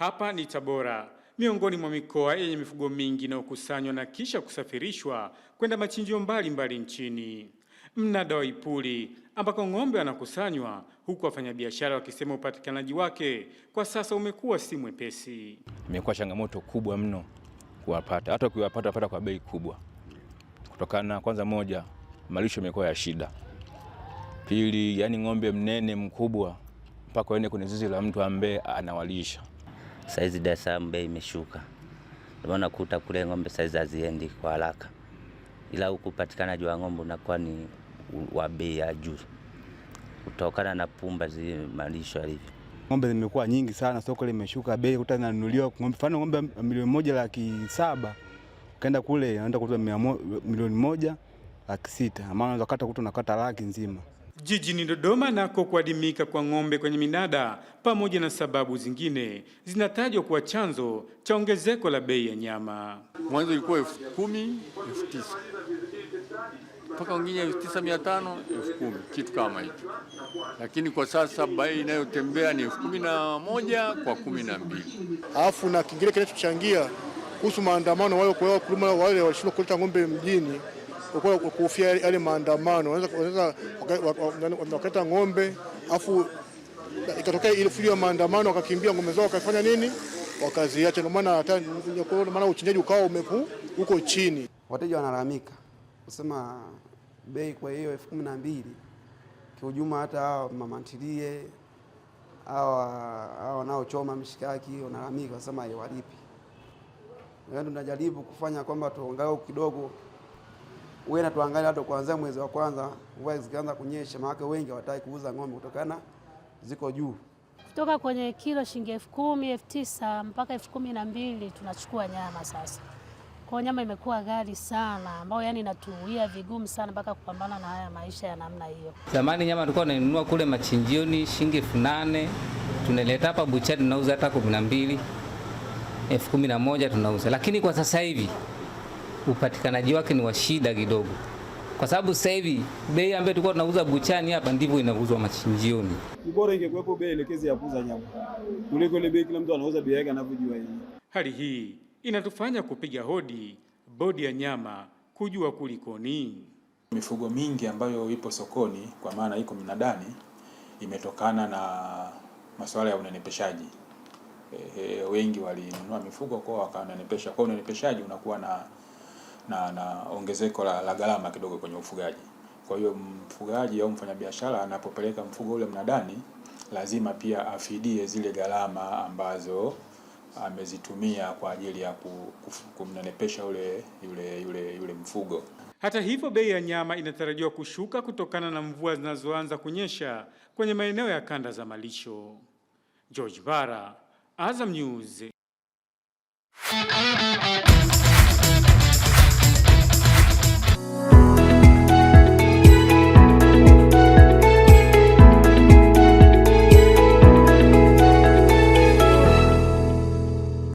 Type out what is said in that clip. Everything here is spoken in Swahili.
Hapa ni Tabora, miongoni mwa mikoa yenye mifugo mingi inayokusanywa na kisha kusafirishwa kwenda machinjio mbalimbali nchini. Mnada wa Ipuli ambako ng'ombe wanakusanywa huku wafanyabiashara wakisema upatikanaji wake kwa sasa umekuwa si mwepesi. Imekuwa changamoto kubwa mno kuwapata, hata ukiwapata wapata kwa bei kubwa, kutokana kwanza, moja, malisho imekuwa ya shida; pili, yani ng'ombe mnene mkubwa mpaka uende kwenye zizi la mtu ambaye anawalisha Saizi Dar es Salaam bei imeshuka, ndio maana kuta kule ng'ombe saizi haziendi kwa haraka, ila huku upatikanaji wa ng'ombe unakuwa ni wa bei ya juu kutokana na pumba zile malisho yalivyo. Ng'ombe zimekuwa nyingi sana, soko limeshuka bei, kuta zinanunuliwa mfano ng'ombe milioni moja laki saba ukaenda kule anaenda kuuza milioni moja laki sita, maana unaweza kata kuta unakata laki nzima. Jijini Dodoma nako kuadimika kwa ng'ombe kwenye minada pamoja na sababu zingine zinatajwa kuwa chanzo cha ongezeko la bei ya nyama. Mwanzo ilikuwa elfu kumi elfu tisa mpaka wengine elfu tisa mia tano elfu kumi kitu kama hicho, lakini kwa sasa bei inayotembea ni elfu kumi na moja kwa kumi na mbili alafu na kingine kinachochangia kuhusu maandamano wale kwa wakulima wale walishindwa kuleta ng'ombe mjini kuhofia yale maandamano, wanaweza wakaleta ng'ombe afu ikatokea ile fujo ya maandamano, wakakimbia ng'ombe zao wakafanya nini, wakaziacha. Ndio maana hata maana uchinjaji ukawa umepu huko chini, wateja wanalalamika kusema bei kwa hiyo elfu kumi na mbili kiujuma, hata hao mamantilie hawa wanaochoma mishikaki wanalalamika, wanasema haiwalipi. Tunajaribu kufanya kwamba tuangalau kidogo wewe natuangalia hata kuanzia mwezi wa kwanza mvua zikianza kunyesha, maana wengi hawataki kuuza ng'ombe kutokana ziko juu, kutoka kwenye kilo shilingi elfu kumi elfu tisa mpaka elfu kumi na mbili tunachukua nyama sasa. Kwa nyama imekuwa ghali sana, ambayo yani inatuia vigumu sana mpaka kupambana na haya maisha ya namna hiyo. Zamani nyama tulikuwa tunanunua kule machinjioni shilingi elfu nane tunaleta hapa buchani tunauza hata kumi na mbili elfu kumi na moja tunauza, lakini kwa sasa hivi upatikanaji wake ni wa shida kidogo, kwa sababu sasa hivi bei ambayo tulikuwa tunauza buchani hapa ndivyo inauzwa machinjioni. Bora ingekuwepo bei elekezi ya kuuza nyama kuliko ile bei kila mtu anauza bei yake anavyojua yeye. Hali hii inatufanya kupiga hodi bodi ya nyama kujua kulikoni. Mifugo mingi ambayo ipo sokoni kwa maana iko minadani imetokana na masuala ya unenepeshaji. E, e, wengi walinunua mifugo kwao wakanenepesha, kwa unenepeshaji unakuwa na na, na ongezeko la, la gharama kidogo kwenye ufugaji. Kwa hiyo mfugaji au mfanyabiashara anapopeleka mfugo ule mnadani, lazima pia afidie zile gharama ambazo amezitumia kwa ajili ya kumnenepesha ule yule yule yule mfugo. Hata hivyo, bei ya nyama inatarajiwa kushuka kutokana na mvua zinazoanza kunyesha kwenye maeneo ya kanda za malisho. George Bara, Azam News.